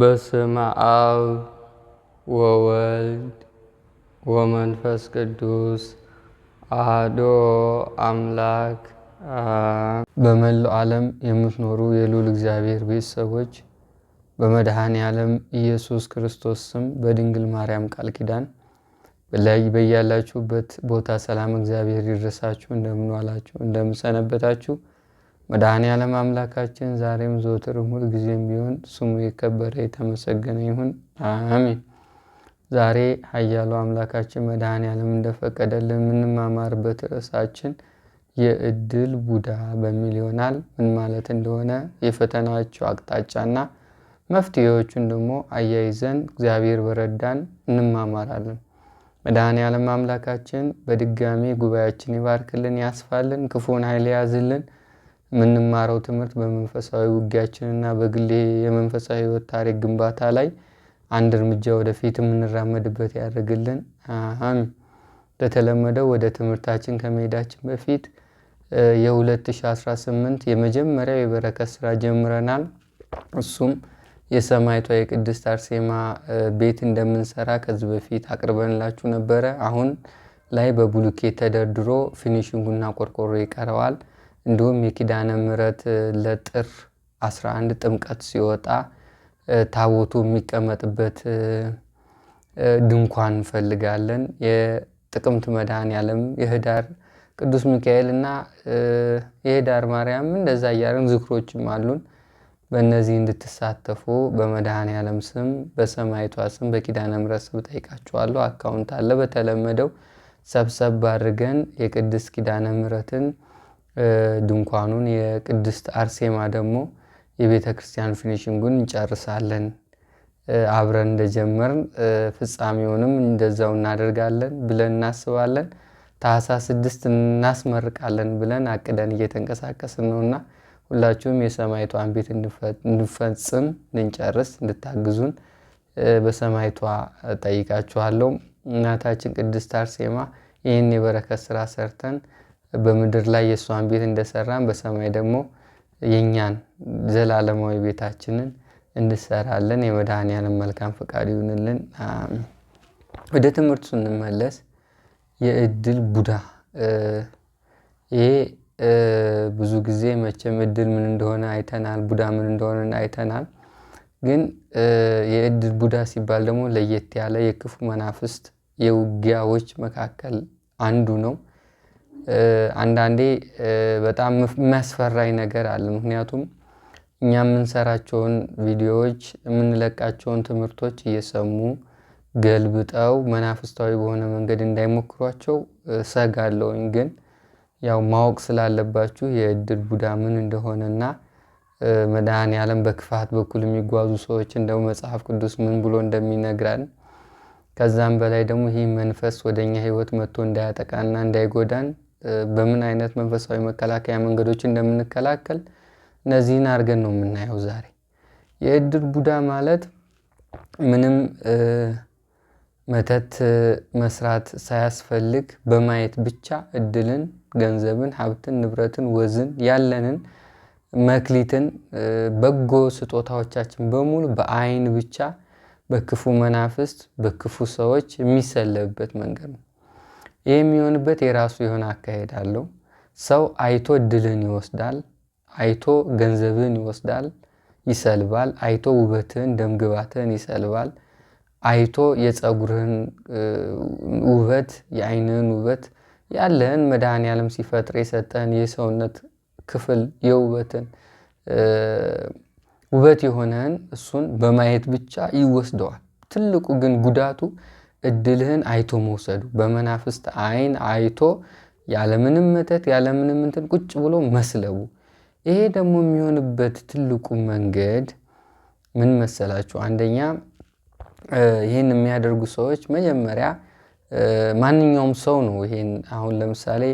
በስመ አብ ወወልድ ወመንፈስ ቅዱስ አህዶ አምላክ። በመላው ዓለም የምትኖሩ የልዑል እግዚአብሔር ቤተሰቦች በመድኃኔ ዓለም ኢየሱስ ክርስቶስ ስም በድንግል ማርያም ቃል ኪዳን በላይ በያላችሁበት ቦታ ሰላም እግዚአብሔር ይድረሳችሁ። እንደምን ዋላችሁ? እንደምን ሰነበታችሁ? መድኃኔ ዓለም አምላካችን ዛሬም ዘወትርም ሁልጊዜም ቢሆን ስሙ የከበረ የተመሰገነ ይሁን፣ አሜን። ዛሬ ኃያሉ አምላካችን መድኃኔ ዓለም እንደፈቀደልን የምንማማርበት ርዕሳችን የእድል ቡዳ በሚል ይሆናል። ምን ማለት እንደሆነ የፈተናዎቹ አቅጣጫና መፍትሄዎቹን ደግሞ አያይዘን እግዚአብሔር በረዳን እንማማራለን። መድኃኔ ዓለም አምላካችን በድጋሚ ጉባኤያችን ይባርክልን፣ ያስፋልን፣ ክፉን ኃይል ያዝልን የምንማረው ትምህርት በመንፈሳዊ ውጊያችንና በግሌ የመንፈሳዊ ህይወት ታሪክ ግንባታ ላይ አንድ እርምጃ ወደፊት የምንራመድበት ያደርግልን። አሜን። እንደተለመደው ወደ ትምህርታችን ከመሄዳችን በፊት የ2018 የመጀመሪያው የበረከት ስራ ጀምረናል። እሱም የሰማይቷ የቅድስት አርሴማ ቤት እንደምንሰራ ከዚህ በፊት አቅርበንላችሁ ነበረ። አሁን ላይ በቡሉኬት ተደርድሮ ፊኒሽንጉና ቆርቆሮ ይቀረዋል። እንዲሁም የኪዳነ ምሕረት ለጥር 11 ጥምቀት ሲወጣ ታቦቱ የሚቀመጥበት ድንኳን እንፈልጋለን። የጥቅምት መድኃኔ ያለም የህዳር ቅዱስ ሚካኤል እና የህዳር ማርያም እንደዛ እያደረግን ዝክሮችም አሉን። በእነዚህ እንድትሳተፉ በመድኃኔ ዓለም ስም በሰማይቷ ስም በኪዳነ ምሕረት ስም ጠይቃችኋለሁ። አካውንት አለ። በተለመደው ሰብሰብ አድርገን የቅድስት ኪዳነ ምሕረትን ድንኳኑን የቅድስት አርሴማ ደግሞ የቤተ ክርስቲያን ፊኒሽንጉን እንጨርሳለን። አብረን እንደጀመርን ፍጻሜውንም እንደዛው እናደርጋለን ብለን እናስባለን። ታኅሳስ ስድስት እናስመርቃለን ብለን አቅደን እየተንቀሳቀስን ነውና ሁላችሁም የሰማይቷን ቤት እንድንፈጽም እንድንጨርስ እንድታግዙን በሰማይቷ ጠይቃችኋለሁ። እናታችን ቅድስት አርሴማ ይህን የበረከት ስራ ሰርተን በምድር ላይ የእሷን ቤት እንደሰራን በሰማይ ደግሞ የእኛን ዘላለማዊ ቤታችንን እንሰራለን። የመድኃኔዓለም መልካም ፈቃድ ይሁንልን። ወደ ትምህርቱ ስንመለስ የእድል ቡዳ ይሄ ብዙ ጊዜ መቼም እድል ምን እንደሆነ አይተናል፣ ቡዳ ምን እንደሆነ አይተናል። ግን የእድል ቡዳ ሲባል ደግሞ ለየት ያለ የክፉ መናፍስት የውጊያዎች መካከል አንዱ ነው። አንዳንዴ በጣም የሚያስፈራኝ ነገር አለ። ምክንያቱም እኛ የምንሰራቸውን ቪዲዮዎች የምንለቃቸውን ትምህርቶች እየሰሙ ገልብጠው መናፍስታዊ በሆነ መንገድ እንዳይሞክሯቸው እሰጋለሁኝ። ግን ያው ማወቅ ስላለባችሁ የእድል ቡዳ ምን እንደሆነና መድኃኔዓለም በክፋት በኩል የሚጓዙ ሰዎች እንደው መጽሐፍ ቅዱስ ምን ብሎ እንደሚነግራን ከዛም በላይ ደግሞ ይህ መንፈስ ወደኛ ህይወት ሕይወት መጥቶ እንዳያጠቃና እንዳይጎዳን በምን አይነት መንፈሳዊ መከላከያ መንገዶች እንደምንከላከል እነዚህን አድርገን ነው የምናየው ዛሬ። የእድር ቡዳ ማለት ምንም መተት መስራት ሳያስፈልግ በማየት ብቻ እድልን፣ ገንዘብን፣ ሀብትን፣ ንብረትን፣ ወዝን፣ ያለንን መክሊትን፣ በጎ ስጦታዎቻችን በሙሉ በአይን ብቻ በክፉ መናፍስት፣ በክፉ ሰዎች የሚሰለብበት መንገድ ነው። የሚሆንበት የራሱ የሆነ አካሄድ አለው። ሰው አይቶ ድልን ይወስዳል፣ አይቶ ገንዘብን ይወስዳል ይሰልባል። አይቶ ውበትን ደምግባትን ይሰልባል። አይቶ የፀጉርህን ውበት የአይንህን ውበት ያለህን መድኃኔዓለም ሲፈጥር የሰጠህን የሰውነት ክፍል የውበትን ውበት የሆነህን እሱን በማየት ብቻ ይወስደዋል። ትልቁ ግን ጉዳቱ እድልህን አይቶ መውሰዱ በመናፍስት አይን አይቶ ያለምንም መተት ያለምንም እንትን ቁጭ ብሎ መስለቡ። ይሄ ደግሞ የሚሆንበት ትልቁ መንገድ ምን መሰላችሁ? አንደኛ ይህን የሚያደርጉ ሰዎች መጀመሪያ ማንኛውም ሰው ነው። ይሄን አሁን ለምሳሌ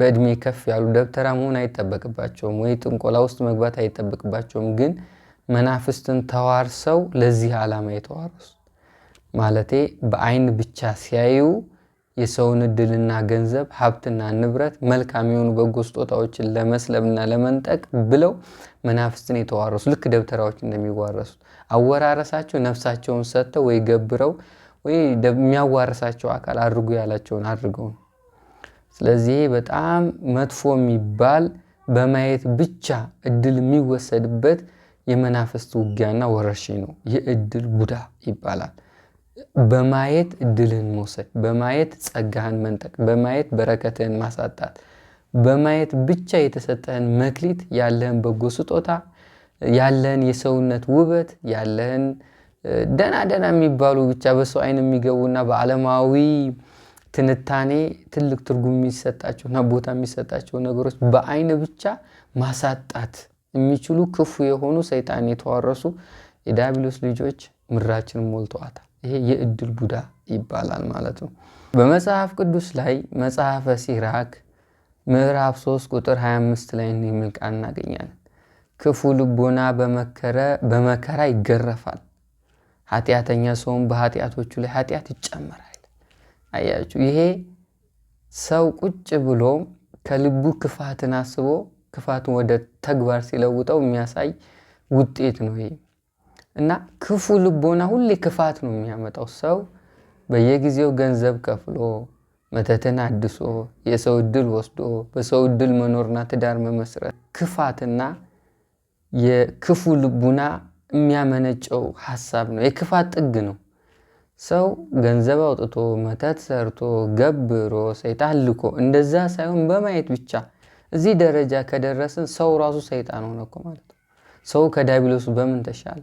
በእድሜ ከፍ ያሉ ደብተራ መሆን አይጠበቅባቸውም፣ ወይ ጥንቆላ ውስጥ መግባት አይጠበቅባቸውም። ግን መናፍስትን ተዋርሰው ለዚህ ዓላማ የተዋረሱ ማለቴ በአይን ብቻ ሲያዩ የሰውን እድልና ገንዘብ ሀብትና ንብረት መልካም የሆኑ በጎ ስጦታዎችን ለመስለብና ለመንጠቅ ብለው መናፍስትን የተዋረሱ ልክ ደብተራዎች እንደሚዋረሱት አወራረሳቸው ነፍሳቸውን ሰጥተው ወይ ገብረው ወይ የሚያዋርሳቸው አካል አድርጉ ያላቸውን አድርገው ነው። ስለዚህ በጣም መጥፎ የሚባል በማየት ብቻ እድል የሚወሰድበት የመናፍስት ውጊያና ወረርሽኝ ነው። የእድል ጉዳ ቡዳ ይባላል። በማየት ድልን መውሰድ፣ በማየት ጸጋህን መንጠቅ፣ በማየት በረከትህን ማሳጣት፣ በማየት ብቻ የተሰጠህን መክሊት፣ ያለህን በጎ ስጦታ፣ ያለህን የሰውነት ውበት፣ ያለህን ደና ደና የሚባሉ ብቻ በሰው አይን የሚገቡና በዓለማዊ ትንታኔ ትልቅ ትርጉም የሚሰጣቸውና ቦታ የሚሰጣቸው ነገሮች በአይን ብቻ ማሳጣት የሚችሉ ክፉ የሆኑ ሰይጣን የተዋረሱ የዲያብሎስ ልጆች ምድራችን ሞልተዋታል። ይሄ የእድል ቡዳ ይባላል ማለት ነው። በመጽሐፍ ቅዱስ ላይ መጽሐፈ ሲራክ ምዕራፍ 3 ቁጥር 25 ላይ የሚል ቃል እናገኛለን። ክፉ ልቦና በመከራ ይገረፋል፣ ኃጢአተኛ ሰውም በኃጢአቶቹ ላይ ኃጢአት ይጨመራል። አያችሁ፣ ይሄ ሰው ቁጭ ብሎ ከልቡ ክፋትን አስቦ ክፋትን ወደ ተግባር ሲለውጠው የሚያሳይ ውጤት ነው ይሄ እና ክፉ ልቦና ሁሌ ክፋት ነው የሚያመጣው። ሰው በየጊዜው ገንዘብ ከፍሎ መተትን አድሶ የሰው እድል ወስዶ በሰው እድል መኖርና ትዳር መመስረት ክፋትና የክፉ ልቡና የሚያመነጨው ሀሳብ ነው። የክፋት ጥግ ነው። ሰው ገንዘብ አውጥቶ መተት ሰርቶ ገብሮ ሰይጣን ልኮ እንደዛ ሳይሆን በማየት ብቻ እዚህ ደረጃ ከደረስን ሰው ራሱ ሰይጣን ሆነ እኮ ማለት ነው። ሰው ከዲያብሎሱ በምን ተሻለ?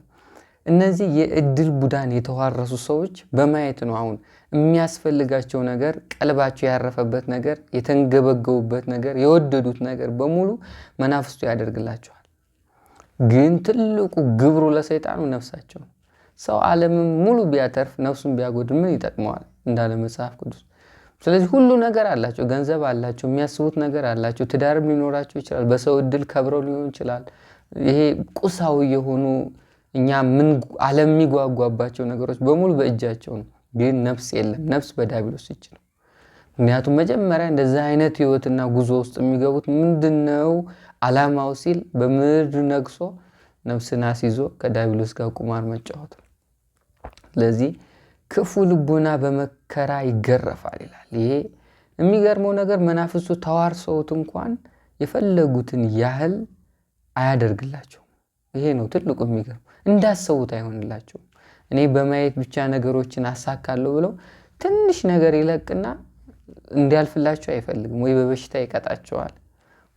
እነዚህ የእድል ቡዳን የተዋረሱ ሰዎች በማየት ነው አሁን የሚያስፈልጋቸው ነገር ቀልባቸው ያረፈበት ነገር የተንገበገቡበት ነገር የወደዱት ነገር በሙሉ መናፍስቱ ያደርግላቸዋል። ግን ትልቁ ግብሩ ለሰይጣኑ ነፍሳቸው ሰው ዓለምን ሙሉ ቢያተርፍ ነፍሱን ቢያጎድ ምን ይጠቅመዋል እንዳለ መጽሐፍ ቅዱስ። ስለዚህ ሁሉ ነገር አላቸው፣ ገንዘብ አላቸው፣ የሚያስቡት ነገር አላቸው። ትዳርም ሊኖራቸው ይችላል። በሰው እድል ከብረው ሊሆን ይችላል። ይሄ ቁሳዊ የሆኑ እኛ ምን አለሚጓጓባቸው ነገሮች በሙሉ በእጃቸው ነው። ግን ነፍስ የለም። ነፍስ በዲያብሎስ እጅ ነው። ምክንያቱም መጀመሪያ እንደዚህ አይነት ህይወትና ጉዞ ውስጥ የሚገቡት ምንድነው አላማው ሲል በምድር ነግሶ ነፍስን አስይዞ ከዲያብሎስ ጋር ቁማር መጫወት ነው። ስለዚህ ክፉ ልቡና በመከራ ይገረፋል ይላል። ይሄ የሚገርመው ነገር መናፍስቱ ተዋርሰውት እንኳን የፈለጉትን ያህል አያደርግላቸውም። ይሄ ነው ትልቁ የሚገርም እንዳሰቡት አይሆንላቸው እኔ በማየት ብቻ ነገሮችን አሳካለሁ ብለው ትንሽ ነገር ይለቅና እንዲያልፍላቸው አይፈልግም። ወይ በበሽታ ይቀጣቸዋል፣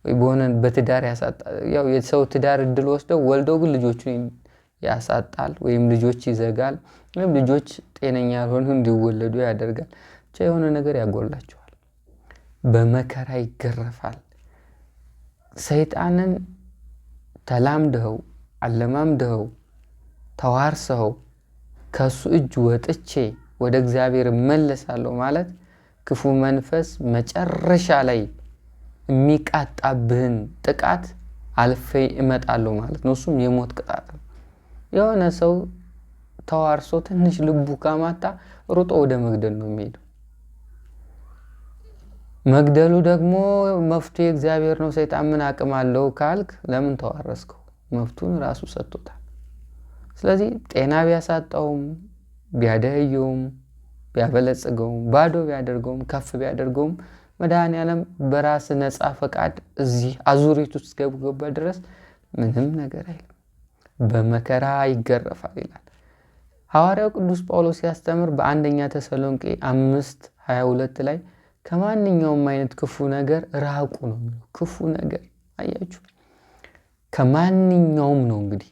ወይ በሆነ በትዳር ያሳጣል። ያው የሰው ትዳር እድል ወስደው ወልደው ግን ልጆቹን ያሳጣል፣ ወይም ልጆች ይዘጋል፣ ወይም ልጆች ጤነኛ ያልሆኑ እንዲወለዱ ያደርጋል። ብቻ የሆነ ነገር ያጎላቸዋል። በመከራ ይገረፋል። ሰይጣንን ተላምደኸው አለማምደኸው ተዋርሰው ከሱ እጅ ወጥቼ ወደ እግዚአብሔር እመለሳለሁ ማለት ክፉ መንፈስ መጨረሻ ላይ የሚቃጣብህን ጥቃት አልፌ እመጣለሁ ማለት ነው። እሱም የሞት ቅጣት ነው። የሆነ ሰው ተዋርሶ ትንሽ ልቡ ካማታ ሩጦ ወደ መግደል ነው የሚሄደው። መግደሉ ደግሞ መፍቱ የእግዚአብሔር ነው። ሰይጣን ምን አቅም አለው ካልክ፣ ለምን ተዋረስከው? መፍቱን ራሱ ሰጥቶታል። ስለዚህ ጤና ቢያሳጣውም ቢያደህዩም ቢያበለጽገውም ባዶ ቢያደርገውም ከፍ ቢያደርገውም መድኃኔዓለም በራስ ነፃ ፈቃድ እዚህ አዙሪት ውስጥ ገብገባ ድረስ ምንም ነገር አይልም። በመከራ ይገረፋል ይላል ሐዋርያው ቅዱስ ጳውሎስ ሲያስተምር በአንደኛ ተሰሎንቄ አምስት 22 ላይ ከማንኛውም አይነት ክፉ ነገር ራቁ ነው የሚለው። ክፉ ነገር አያችሁ፣ ከማንኛውም ነው እንግዲህ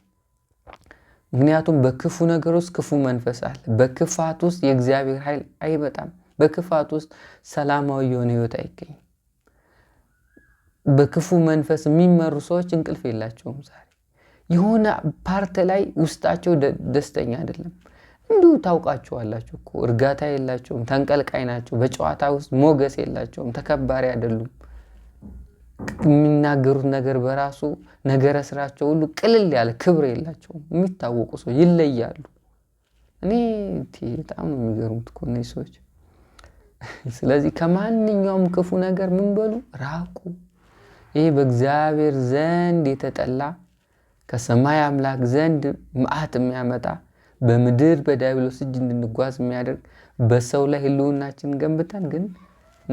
ምክንያቱም በክፉ ነገር ውስጥ ክፉ መንፈስ አለ። በክፋት ውስጥ የእግዚአብሔር ኃይል አይበጣም። በክፋት ውስጥ ሰላማዊ የሆነ ህይወት አይገኝም። በክፉ መንፈስ የሚመሩ ሰዎች እንቅልፍ የላቸውም። ዛሬ የሆነ ፓርት ላይ ውስጣቸው ደስተኛ አይደለም። እንዲሁ ታውቃቸዋላችሁ እኮ እርጋታ የላቸውም። ተንቀልቃይ ናቸው። በጨዋታ ውስጥ ሞገስ የላቸውም። ተከባሪ አይደሉም። የሚናገሩት ነገር በራሱ ነገረ ስራቸው ሁሉ ቅልል ያለ ክብር የላቸውም። የሚታወቁ ሰው ይለያሉ። እኔ በጣም ነው የሚገርሙት እኮ እነዚህ ሰዎች። ስለዚህ ከማንኛውም ክፉ ነገር ምን በሉ ራቁ። ይህ በእግዚአብሔር ዘንድ የተጠላ ከሰማይ አምላክ ዘንድ መዓት የሚያመጣ በምድር በዲያብሎስ እጅ እንድንጓዝ የሚያደርግ በሰው ላይ ህልውናችን ገንብተን ግን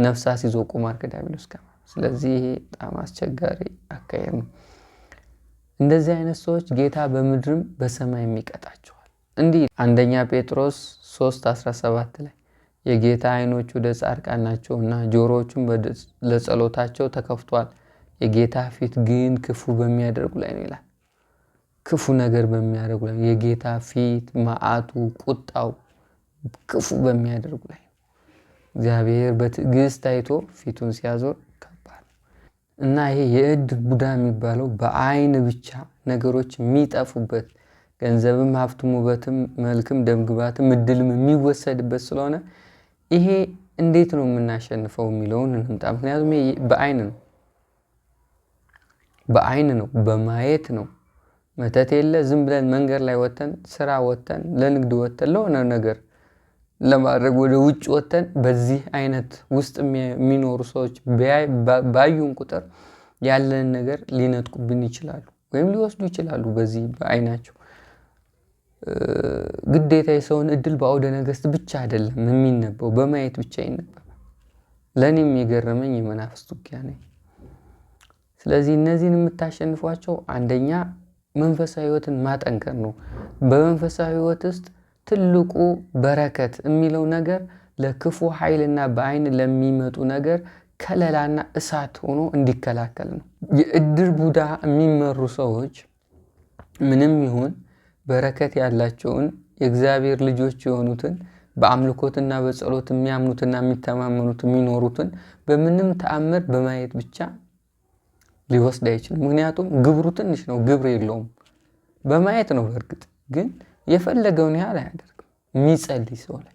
ነፍስ አስይዞ ቁማር ከዲያብሎስ ጋር ስለዚህ ይሄ በጣም አስቸጋሪ አካሄድ ነው። እንደዚህ አይነት ሰዎች ጌታ በምድርም በሰማይም ይቀጣቸዋል። እንዲህ አንደኛ ጴጥሮስ 3 17 ላይ የጌታ አይኖች ወደ ጻድቃን እና ጆሮዎቹም ለጸሎታቸው ተከፍቷል፣ የጌታ ፊት ግን ክፉ በሚያደርጉ ላይ ነው ይላል። ክፉ ነገር በሚያደርጉ ላይ የጌታ ፊት መዓቱ፣ ቁጣው ክፉ በሚያደርጉ ላይ እግዚአብሔር በትዕግስት አይቶ ፊቱን ሲያዞር እና ይሄ የእድ ቡዳ የሚባለው በአይን ብቻ ነገሮች የሚጠፉበት ገንዘብም፣ ሀብትም፣ ውበትም፣ መልክም፣ ደምግባትም እድልም የሚወሰድበት ስለሆነ ይሄ እንዴት ነው የምናሸንፈው የሚለውን እንምጣ። ምክንያቱም በአይን ነው በአይን ነው በማየት ነው። መተት የለ ዝም ብለን መንገድ ላይ ወተን ስራ ወተን ለንግድ ወተን ለሆነ ነገር ለማድረግ ወደ ውጭ ወጥተን በዚህ አይነት ውስጥ የሚኖሩ ሰዎች ባዩን ቁጥር ያለንን ነገር ሊነጥቁብን ይችላሉ፣ ወይም ሊወስዱ ይችላሉ። በዚህ በአይናቸው ግዴታ የሰውን እድል በአውደ ነገስት ብቻ አይደለም የሚነበው፣ በማየት ብቻ ይነበባል። ለእኔም የገረመኝ የመናፍስት ውጊያ ነኝ። ስለዚህ እነዚህን የምታሸንፏቸው አንደኛ መንፈሳዊ ህይወትን ማጠንከር ነው። በመንፈሳዊ ህይወት ውስጥ ትልቁ በረከት የሚለው ነገር ለክፉ ኃይልና በአይን ለሚመጡ ነገር ከለላና እሳት ሆኖ እንዲከላከል ነው። የእድር ቡዳ የሚመሩ ሰዎች ምንም ይሁን በረከት ያላቸውን የእግዚአብሔር ልጆች የሆኑትን በአምልኮትና በጸሎት የሚያምኑትና የሚተማመኑት የሚኖሩትን በምንም ተአምር በማየት ብቻ ሊወስድ አይችልም። ምክንያቱም ግብሩ ትንሽ ነው፣ ግብር የለውም። በማየት ነው። በእርግጥ ግን የፈለገውን ያህል አያደርግም። የሚጸልይ ሰው ላይ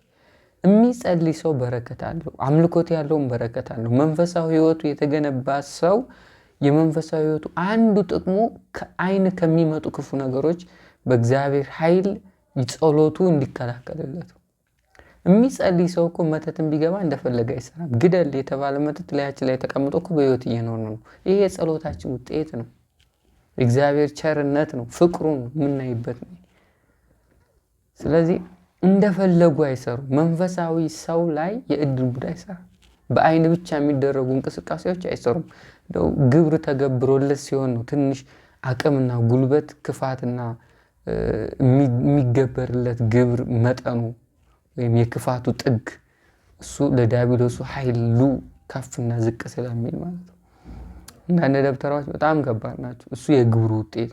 የሚጸልይ ሰው በረከት አለው። አምልኮት ያለውን በረከት አለው። መንፈሳዊ ህይወቱ የተገነባ ሰው የመንፈሳዊ ህይወቱ አንዱ ጥቅሙ ከአይን ከሚመጡ ክፉ ነገሮች በእግዚአብሔር ኃይል ጸሎቱ እንዲከላከልለት የሚጸልይ ሰው እኮ መተትን ቢገባ እንደፈለገ አይሰራም። ግደል የተባለ መተት ላያችን ላይ ተቀምጦ እኮ በህይወት እየኖር ነው። ይሄ የጸሎታችን ውጤት ነው። እግዚአብሔር ቸርነት ነው፣ ፍቅሩን የምናይበት ነው። ስለዚህ እንደፈለጉ አይሰሩ። መንፈሳዊ ሰው ላይ የእድል ጉዳይ አይሰራ። በአይን ብቻ የሚደረጉ እንቅስቃሴዎች አይሰሩም። ግብር ተገብሮለት ሲሆን ነው ትንሽ አቅምና ጉልበት ክፋትና የሚገበርለት ግብር መጠኑ ወይም የክፋቱ ጥግ እሱ ለዲያብሎሱ ኃይሉ ከፍና ዝቅ ስለሚል ማለት ነው። አንዳንድ ደብተራዎች በጣም ከባድ ናቸው። እሱ የግብሩ ውጤት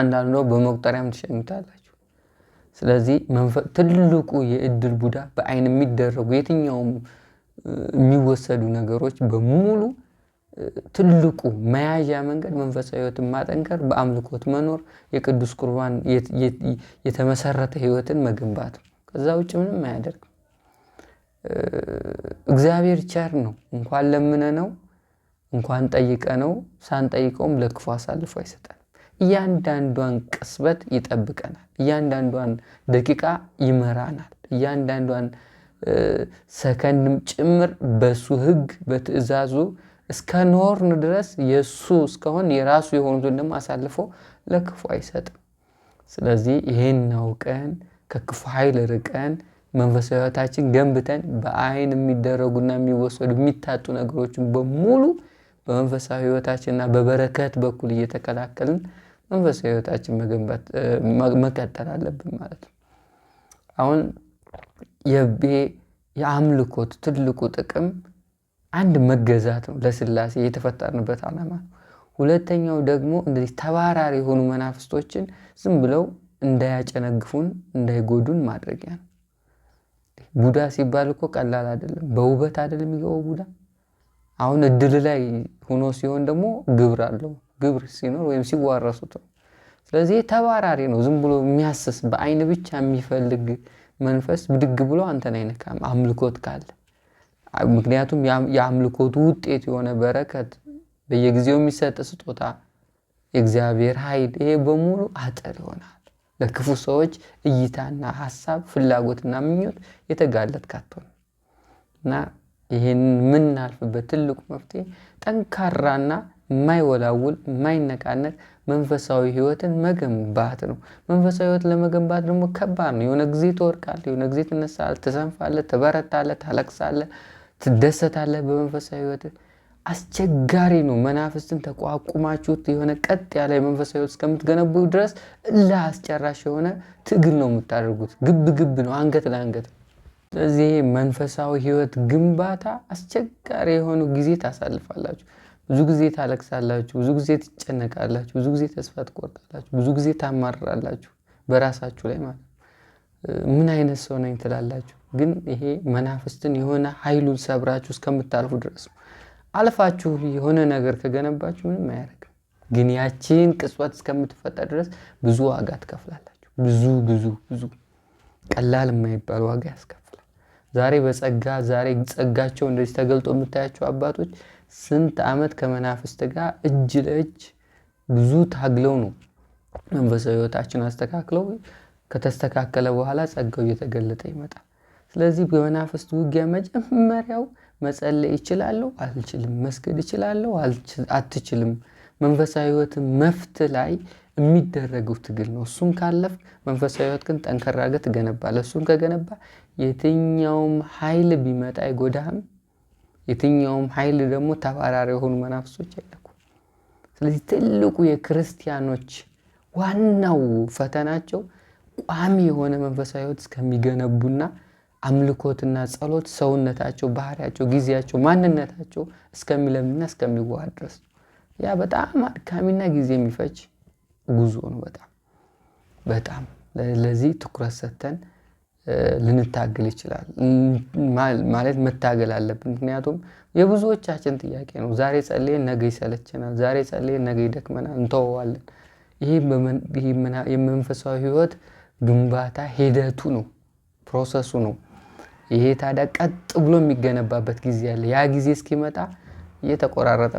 አንዳንዱ በመቁጠሪያም ትሸምታለ ስለዚህ ትልቁ የእድል ቡዳ በአይን የሚደረጉ የትኛውም የሚወሰዱ ነገሮች በሙሉ ትልቁ መያዣ መንገድ መንፈሳዊ ህይወትን ማጠንከር፣ በአምልኮት መኖር፣ የቅዱስ ቁርባን የተመሰረተ ህይወትን መገንባት ነው። ከዛ ውጭ ምንም አያደርግም። እግዚአብሔር ቸር ነው። እንኳን ለምነ ነው እንኳን ጠይቀ ነው፣ ሳንጠይቀውም ለክፉ አሳልፎ አይሰጠን። እያንዳንዷን ቅስበት ይጠብቀናል። እያንዳንዷን ደቂቃ ይመራናል። እያንዳንዷን ሰከንድም ጭምር በሱ ህግ በትእዛዙ እስከ ኖርን ድረስ የእሱ እስከሆን የራሱ የሆኑትን ደግሞ አሳልፎ ለክፉ አይሰጥም። ስለዚህ ይህን አውቀን ከክፉ ኃይል ርቀን መንፈሳዊ ህይወታችን ገንብተን በአይን የሚደረጉና የሚወሰዱ የሚታጡ ነገሮችን በሙሉ በመንፈሳዊ ህይወታችንና በበረከት በኩል እየተከላከልን መንፈሳዊ ህይወታችን መገንባት መቀጠል አለብን ማለት ነው። አሁን የቤ የአምልኮት ትልቁ ጥቅም አንድ መገዛት ነው ለስላሴ የተፈጠርንበት ዓላማ ነው። ሁለተኛው ደግሞ እንደዚህ ተባራሪ የሆኑ መናፍስቶችን ዝም ብለው እንዳያጨነግፉን እንዳይጎዱን ማድረጊያ ነው። ቡዳ ሲባል እኮ ቀላል አይደለም። በውበት አይደለም የሚገባው ቡዳ። አሁን እድል ላይ ሆኖ ሲሆን ደግሞ ግብር አለው። ግብር ሲኖር ወይም ሲዋረሱት ነው። ስለዚህ ተባራሪ ነው። ዝም ብሎ የሚያስስ በአይን ብቻ የሚፈልግ መንፈስ ብድግ ብሎ አንተን አይነካም፣ አምልኮት ካለ ምክንያቱም የአምልኮቱ ውጤት የሆነ በረከት፣ በየጊዜው የሚሰጥ ስጦታ፣ የእግዚአብሔር ኃይል ይሄ በሙሉ አጥር ይሆናል። ለክፉ ሰዎች እይታና ሀሳብ፣ ፍላጎትና ምኞት የተጋለጥክ አትሆንም እና ይህን የምናልፍበት ትልቁ መፍትሄ ጠንካራና የማይወላውል የማይነቃነቅ መንፈሳዊ ህይወትን መገንባት ነው። መንፈሳዊ ህይወት ለመገንባት ደግሞ ከባድ ነው። የሆነ ጊዜ ትወርቃለ የሆነ ጊዜ ትነሳለህ፣ ትሰንፋለህ፣ ትበረታለህ፣ ታለቅሳለህ፣ ትደሰታለህ። በመንፈሳዊ ህይወት አስቸጋሪ ነው። መናፍስትን ተቋቁማችሁት የሆነ ቀጥ ያለ መንፈሳዊ ህይወት እስከምትገነቡ ድረስ እላ አስጨራሽ የሆነ ትግል ነው የምታደርጉት። ግብ ግብ ነው፣ አንገት ለአንገት ስለዚህ መንፈሳዊ ህይወት ግንባታ አስቸጋሪ የሆኑ ጊዜ ታሳልፋላችሁ። ብዙ ጊዜ ታለቅሳላችሁ፣ ብዙ ጊዜ ትጨነቃላችሁ፣ ብዙ ጊዜ ተስፋ ትቆርጣላችሁ፣ ብዙ ጊዜ ታማርራላችሁ በራሳችሁ ላይ ማለት ምን አይነት ሰው ነኝ ትላላችሁ። ግን ይሄ መናፍስትን የሆነ ኃይሉን ሰብራችሁ እስከምታልፉ ድረስ ነው። አልፋችሁ የሆነ ነገር ከገነባችሁ ምንም አያደርግም። ግን ያቺን ቅጽበት እስከምትፈጠር ድረስ ብዙ ዋጋ ትከፍላላችሁ። ብዙ ብዙ ብዙ ቀላል የማይባል ዋጋ ያስከፍላል። ዛሬ በጸጋ ዛሬ ጸጋቸው እንደዚህ ተገልጦ የምታያቸው አባቶች ስንት ዓመት ከመናፍስት ጋር እጅ ለእጅ ብዙ ታግለው ነው መንፈሳዊ ሕይወታችን አስተካክለው ከተስተካከለ በኋላ ጸጋው እየተገለጠ ይመጣል። ስለዚህ በመናፍስት ውጊያ መጀመሪያው መጸለይ ይችላለሁ አልችልም፣ መስገድ ይችላለሁ አትችልም፣ መንፈሳዊ ሕይወትን መፍት ላይ የሚደረገው ትግል ነው። እሱም ካለፍ መንፈሳዊ ሕይወት ግን ጠንከራ ትገነባለህ። እሱም ከገነባ የትኛውም ኃይል ቢመጣ አይጎዳህም። የትኛውም ኃይል ደግሞ ተባራሪ የሆኑ መናፍሶች አይለኩም። ስለዚህ ትልቁ የክርስቲያኖች ዋናው ፈተናቸው ቋሚ የሆነ መንፈሳዊ ሕይወት እስከሚገነቡና አምልኮትና ጸሎት ሰውነታቸው፣ ባህሪያቸው፣ ጊዜያቸው፣ ማንነታቸው እስከሚለምና እስከሚዋሃድ ድረስ ያ በጣም አድካሚና ጊዜ የሚፈጅ ጉዞ ነው። በጣም በጣም ለዚህ ትኩረት ሰጥተን ልንታገል ይችላል ማለት መታገል አለብን። ምክንያቱም የብዙዎቻችን ጥያቄ ነው። ዛሬ ጸልየን ነገ ይሰለችናል። ዛሬ ጸልየን ነገ ይደክመናል፣ እንተወዋለን። ይህ የመንፈሳዊ ህይወት ግንባታ ሂደቱ ነው፣ ፕሮሰሱ ነው። ይሄ ታዲያ ቀጥ ብሎ የሚገነባበት ጊዜ አለ። ያ ጊዜ እስኪመጣ እየተቆራረጠ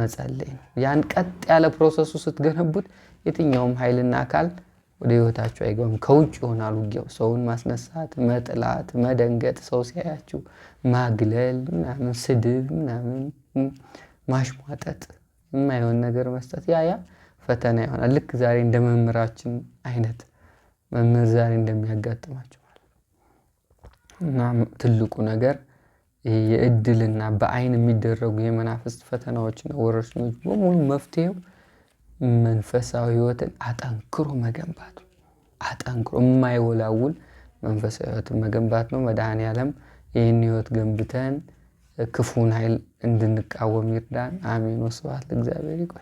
መጸለይ ነው። ያን ቀጥ ያለ ፕሮሰሱ ስትገነቡት የትኛውም ኃይልና አካል ወደ ህይወታችሁ አይገባም። ከውጭ ይሆናል ውጊያው። ሰውን ማስነሳት፣ መጥላት፣ መደንገጥ፣ ሰው ሲያያችሁ ማግለል፣ ምናምን ስድብ፣ ምናምን ማሽሟጠጥ፣ የማይሆን ነገር መስጠት፣ ያ ያ ፈተና ይሆናል። ልክ ዛሬ እንደ መምህራችን አይነት መምህር ዛሬ እንደሚያጋጥማቸው ማለት እና ትልቁ ነገር የእድልና በአይን የሚደረጉ የመናፍስት ፈተናዎችና ወረርሽኞች በሙሉ መፍትሄው መንፈሳዊ ህይወትን አጠንክሮ መገንባት አጠንክሮ የማይወላውል መንፈሳዊ ህይወትን መገንባት ነው። መድኃኔ ዓለም ይህን ህይወት ገንብተን ክፉን ኃይል እንድንቃወም ይርዳን። አሜን። ወስብሐት ለእግዚአብሔር። ይቆይ